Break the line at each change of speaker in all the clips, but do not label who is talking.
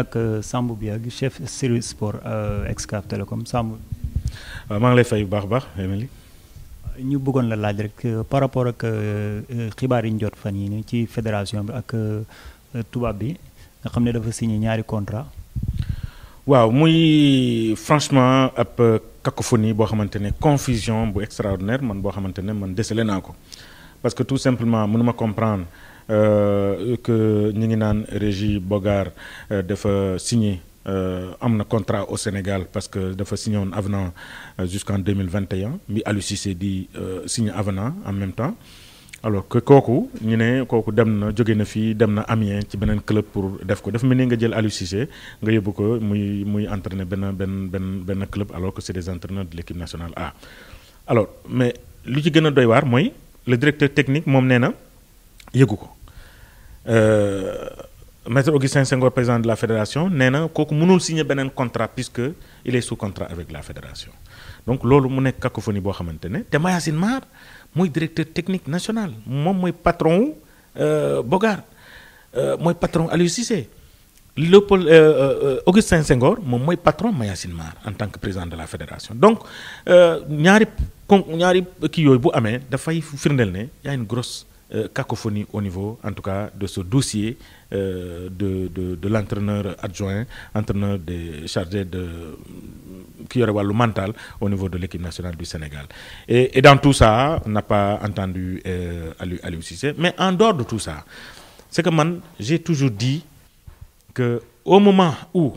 ak euh, bi Biagui chef service sport euh, Excaf Télécom Samb. waaw euh, maa lay fay bu baax baax Émilie ñu bëggoon la laaj rek par rapport ak xibaar yi ñu jot fan yii nii ci fédération bi ak tubaab bi nga xam ne dafa signé ñaari contrat
waaw muy franchement ab cacophonie boo xamante ne confusion bu extraordinaire man boo xamante ne man décelé naa ko parce que tout simplement mënuma comprendre. Euh, que ñu ngi naan Régie Bogart euh, dafa signé euh, am na contrat au Sénégal parce que dafa signé woon avenant jusqu'en 2021 mi Aliou Cissé di signé avenant en même temps alors que kooku ñu ne kooku dem na jóge na fii dem na Amiens ci beneen club pour def ko dafa mel ni nga jël Aliou Cissé nga yóbbu ko muy muy entraîner benn benn benn benn club alors que c'est des entraîneurs de l'équipe nationale A alors mais lu ci gën a doy waar mooy le directeur technique moom nee na yëgu ko Euh, maître Augustin Senghor président de la fédération neena kooku mënul signer beneen contrat puisque il est sous contrat avec la fédération donc loolu mu nekk cacophonie boo xamante ne te Mayacine Mar mooy directeur technique national moom mooy patron wu euh, Bogar euh, mooy patron Aliou Cissé Léopold Augustin Senghor moom mooy patron Mayacine Mar en tant que président de la fédération donc ñaari kon ñaari kii yooyu bu amee dafay firndeel ne y a une grosse. Euh, cacophonie au niveau, en tout cas, de ce dossier euh, de, de, de l'entraîneur adjoint, entraîneur de, chargé de qui aurait le mantal au niveau de l'équipe nationale du Sénégal. Et, et, dans tout ça, on n'a pas entendu euh, Aliou Mais en dehors de tout ça, c'est que man, j'ai toujours dit que au moment où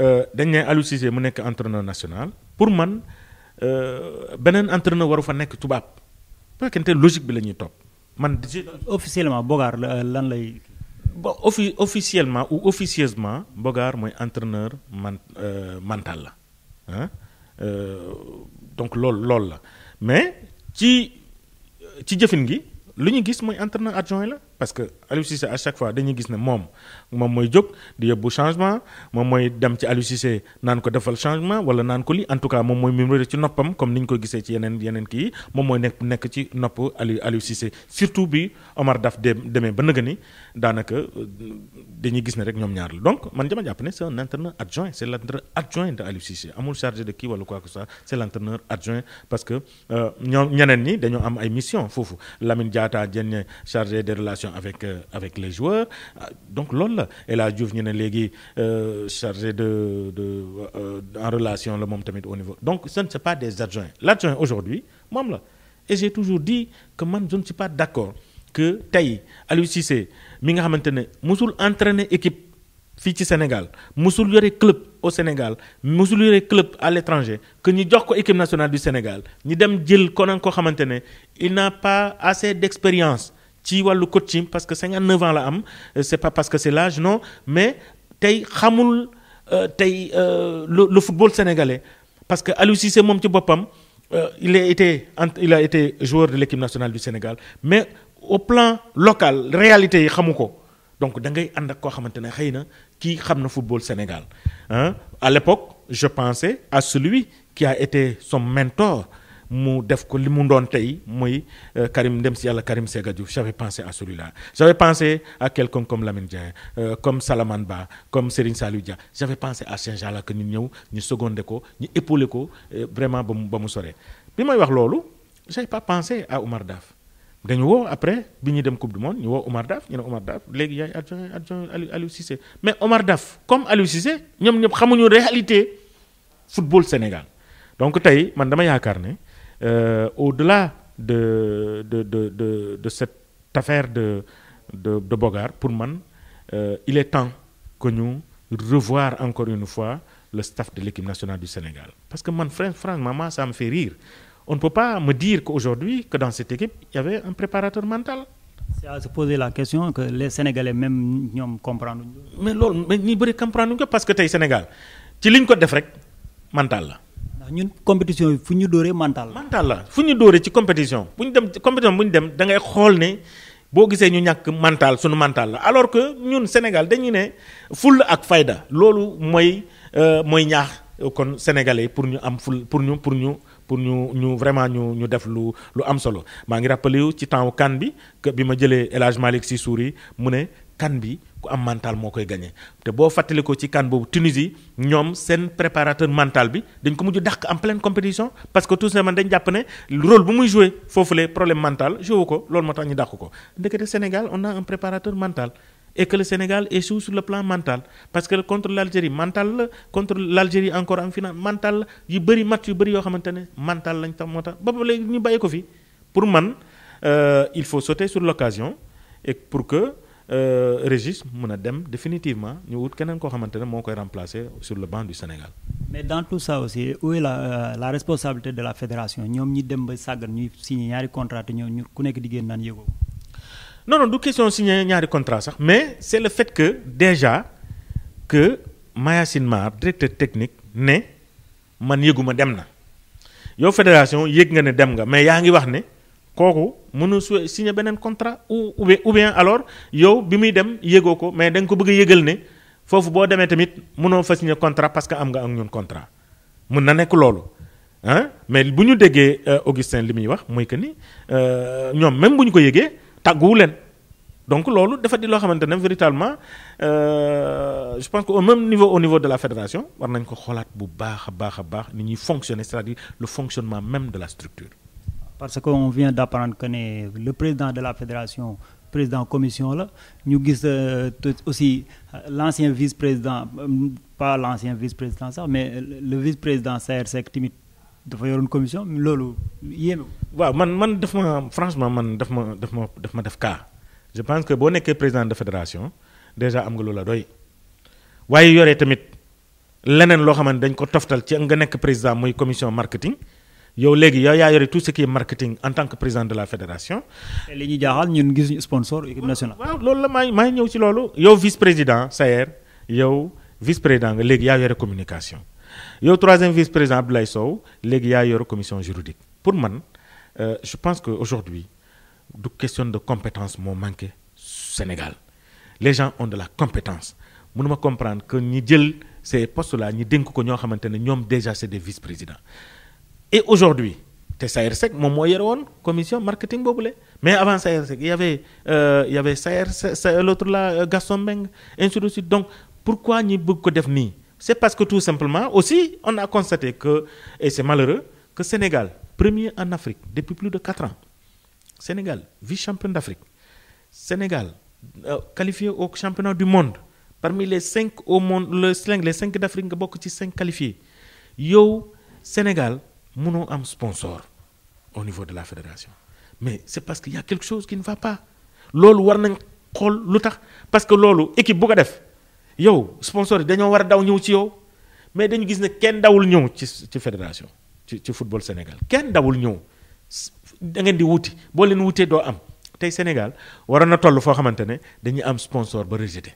euh, Aliou Cissé mu nekk entraîneur national, pour man euh, beneen entraîneur waru fa nekk tubaab. fekkente logique bi la ñuy topp. man di officiellement Bogaar lan lay. bon offi officiellement ou officieusement Bogaar mooy entraîneur man euh, mental la ah donc loolu loolu la mais ci ci jëfin gi lu ñu gis mooy entraîneur adjoint la. parce que Aliou Cissé à chaque fois dañuy gis ne moom moom mooy jóg di yóbbu changement moom mooy dem ci Aliou naan ko defal changement wala naan ko li en tout cas moom mooy mimré ci noppam comme ni ñu ko gisee ci yeneen yeneen kii yi moom mooy nekk nekk ci nopp Aliou Aliou surtout bi Omar Daf de demee ba nëgë ni daanaka euh, dañuy gis ne rek ñoom ñaar la donc man dama jàpp ne c'est un entraîneur adjoint c'est l'entraîneur adjoint de Aliou Cissé amul chargé de kii wala quoi que euh, ñoom ñeneen ñi dañoo am ay mission foofu Lamine Diatta jenne chargé des relations avec euh, avec les joueurs ah, donc loolu la El Hadj Diouf ñu ne léegi euh, chargé de de euh, en relation la moom tamit au niveau donc ce ne c'est pas des adjoints l'adjoint aujourd'hui moom la et j'ai toujours di que man je si suis pas d'accord que tey Aliou Cissé mi nga xamante ne musul entraîner équipe fii ci Sénégal musul yore club au Sénégal musul yore club à l'étranger que ñu jox ko équipe nationale du Sénégal ñu dem jël konoon koo xamante ne il n'a pas assez d'expérience ci wàllu coaching parce que 59 ans la am euh, c'est pas parce que c'est l'âge non mais tey xamul euh, tey euh, le le football sénégalais parce que Aliou Cissé moom ci boppam il a été il a été joueur de l'équipe nationale du Sénégal mais au plan local réalité yi xamu ko donc da ngay ànd ak koo xamante ne xëy na kii xam na football Sénégal ah à l'époque je pensais à celui qui a été son mentor mu def ko li mu doon tey muy euh, Karim ndem si yàlla Karim Séga Diouf j'avais pensé à celui-là j'avais pensé à quelqu'un comme Lamine Dieng euh, comme Salaman Ba comme Serigne Saliou Dia j'avais pensé à Cheikh Jalla que ñu ñëw ñu secondé ko ñu épaulé ko euh, vraiment ba mu ba mu soree bi may wax loolu j'avais pas pensé à Oumar Daf dañu woo après bi ñuy dem coupe du monde ñu woo Omar Daf ñu ne Omar Daf léegi yaay adjoint adjoint Aliou Aliou Cissé mais Omar Daf comme Aliou Cissé ñoom ñëpp xamuñu réalité football Sénégal donc tey man dama yaakaar ne Euh, au-delà de de de de de cette affaire de de de Bogaar pour man euh, il est temps que ñu revoir encore une fois le staff de l'équipe nationale du Sénégal parce que man franchement moi ça me fait rire on ne peut pas me dire qu'aujourd'hui que dans cette équipe il y
avait un préparateur mental. c'est à se poser la question que les Sénégalais même ñoom comprendre
mais loolu mais ñu bëri comprendre ko parce que
tey Sénégal ci li ñu ko def rek mental la.
ñun compétition yi fu ñu dóoree mental la. mental la fu ñu dóoree ci compétition bu ñu dem compétition bu ñu dem da ngay xool ni boo gisee ñu ñàkk mental suñu mental la alors que ñun Sénégal dañu ne fulla ak fayda loolu mooy euh, mooy ñaax euh, kon sénégalais pour ñu am ful pour ñu pour ñu. pour ñu ñu vraiment ñu ñu def lu lu am solo maa ngi rappelé wu ci temps kan bi que bi ma jëlee El Hadj Malick Sy Souris mu ne kan bi ku am mental moo koy gagné te boo fàttali ko ci kan boobu Tunisie ñoom seen préparateur mental bi dañ ko mujj dàq en pleine compétition parce que tout simplement dañ jàpp ne rôle bu muy joué foofu le problème mental joué ko loolu moo tax ñu dàq ko ndekete Sénégal on a un préparateur mental et que Sénégal échoue sur le plan mental parce que contre l'Algérie mental la contre l'Algérie encore en finale mental yu bëri match yu bëri yoo xamante ne Euh, Régis mun a dem définitivement ñu wut keneen koo xamante ne moo koy remplacer sur le banc du Sénégal.
mais dans tout ça aussi où est la euh, responsabilité de la fédération ñoom ñi dem ba sàggan ñuy signé ñaari contrat te ñu ku nekk di génn naan yëgoo. non non du question signé
ñaari contrat sax mais c' est le fait que déjà que Mayacine Mar directeur technique ne man yëguma dem na yow fédération yëg nga ne dem nga mais yaa ngi wax ne kooku. mënu su signé beneen contrat ou ou bien alors yow bi muy dem yëgoo ko mais da nga ko bëgg a ne foofu boo demee tamit mënoo fa signé contrat parce que am nga ak ñun contrat mën na nekk loolu ah mais bu ñu déggee euh, Augustin li muy wax mooy que ni euh, ñoom même bu ñu ko yëgee tàgguwu leen donc loolu dafa di loo xamante ne véritablement euh, je pense que au même niveau au niveau de la fédération war nañ ko xoolaat bu baax a baax a baax ni
ñuy fonctionner c'est-à-dire même de la structure parce que on vient d'apprendre que ne le président de la fédération président commission la ñu gis euh, aussi euh, l'ancien vice-président euh, pas l'ancien vice-président sax mais le vice-président CRC tamit dafa yoroon commission loolu yéeme. waaw man man daf ma franchement
man daf ma daf ma daf ma def kaa je pense que boo nekkee président de fédération déjà am nga la doy waaye yore tamit leneen loo xamante dañ ko toftal ci nga nekk président muy commission marketing. yow léegi yaa yore tout ce qui est marketing en tant que président de la fédération.
li ñuy jaaxal ñun gis sponsor équipe nationale.
waaw loolu la maay may ñëw si loolu. yow vice président Sayer yow vice président nga léegi yaa yore communication yow troisième vice président Abdoulaye Sow léegi yaa yore commission juridique pour man euh, je pense que aujourd'hui du question de compétence moo manqué Sénégal les gens ont de la compétence ma comprendre que ñi jël ces postes là ñi dénk ko ñoo xamante ne ñoom déjà c'est des vice présidents. et aujourd'hui te Sayer Seck moom moo yore woon commission marketing boobule mais avant Sayer Seck y avait euh, y avait Sayer Seck l'autre là euh, Gaston Mbengue ainsi de suite donc pourquoi ñi bëgg ko def nii c'est parce que tout simplement aussi on a constaté que et c'est malheureux que Sénégal premier en Afrique depuis plus de quatre ans Sénégal vice champion d'Afrique Sénégal euh, qualifié au championnat du monde parmi les cinq au monde le les cinq d'Afrique nga bokk ci cinq qualifiés yow Sénégal mënoo am sponsor au niveau de la fédération mais c'est parce qu'il y quelque chose qui ne va pas loolu war nañ xool lu tax parce que loolu équipe bu ko def yow sponsor yi dañoo war a daw ñëw ci yow mais dañu gis ne kenn dawul ñëw ci ci fédération ci ci football Sénégal kenn dawul ñëw da di wuti boo leen wutee doo am tey Sénégal war na toll foo xamante ne dañuy am sponsor ba rejeté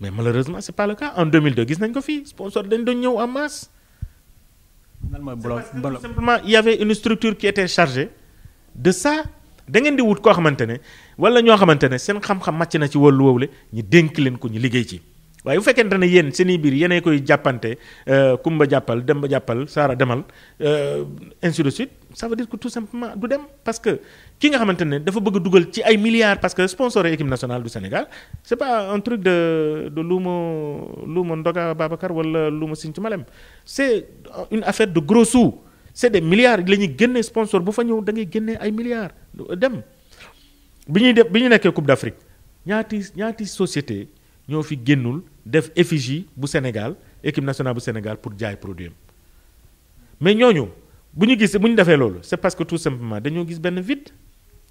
mais malheureusement c'est pas le cas en 2002 gis nañ ko fii
nan mooy bloc
simplement il y avait une structure qui était de ça da ngeen di wut koo xamante ne wala ñoo xamante ne seen xam-xam màcc na ci wàllu woowule ñu dénk leen ko ñu liggéey ci. waaye bu fekkente ne yéen seen i biir yenee koy jàppante euh, kumba jàppal dem ba jàppal saara demal euh, ainsi de suite ça veut dire que tout simplement du dem parce que ki nga xamante ne dafa bëgg dugal ci ay milliards parce que sponsoré équipe nationale du Sénégal c' est pas un truc de lu luuma luuma Ndoga Babacar wala luuma Sinthiou Malem c' est une affaire de gros sous c' est des milliards la ñuy génne sponsor bu fa ñëw da ngay génne ay milliards dem bi ñuy def bi ñu nekkee Coupe d' Afrique ñaati ñaati société ñoo fi génnul def effigie bu Sénégal équipe nationale bu Sénégal pour jaay produit am mais ñooñu bu ñu gis bu ñu defee loolu c'est parce que tout simplement dañoo gis benn vide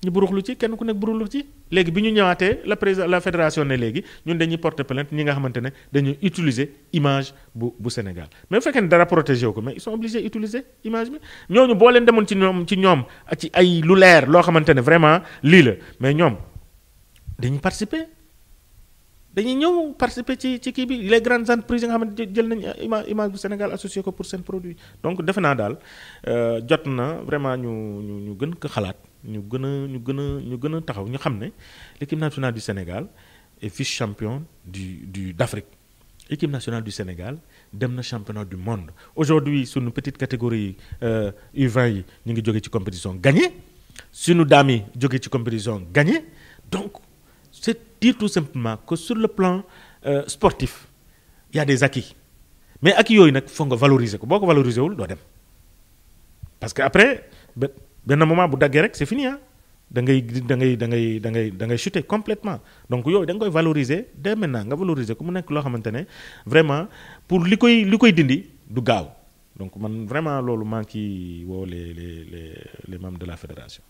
ñu buruxlu ci kenn ku nekk buruxlu ci léegi bi ñu ñëwaatee la président la fédération ne léegi ñun dañuy porter plainte ñi nga xamante ne dañuy utiliser image bu bu Sénégal mais bu fekkee dara protégé ko mais ils sont obligés utiliser image bi ñooñu boo leen demoon ci ñoom ci ñoom ci ay lu leer loo xamante ne vraiment lii mais ñoom dañuy ñëw participer ci ci kii bi les grandes entreprises yi nga xamante jël nañ euh, ima image bu Sénégal associé ko pour seen produit donc defe naa daal euh, jot na vraiment ñu ñu gën ko xalaat ñu gën a ñu gën a ñu gën a taxaw ñu xam ne l'équipe nationale du Sénégal est vice champion du du d'Afrique équipe nationale du Sénégal dem na championnat du monde aujourd'hui sunu petite catégorie U20 euh, yi ñu ngi jóge ci compétition gagné sunu daam yi jóge ci compétition gagné donc dire tout simplement que sur le plan euh, sportif il y mais ak yooyu nag foog nga valoriser ko boo ko valoriser wul doo dem parce que après benn moment bu daggee rek c'est fini ah da ngay da ngay da ngay da ngay da donc yooyu danga koy valoriser dès maintenant nga valoriser ko mu nekk loo xamante ne vraiment pour li koy li koy dindi du gaaw donc man vraiment loolu maa ngi woo les les les les de la fédération.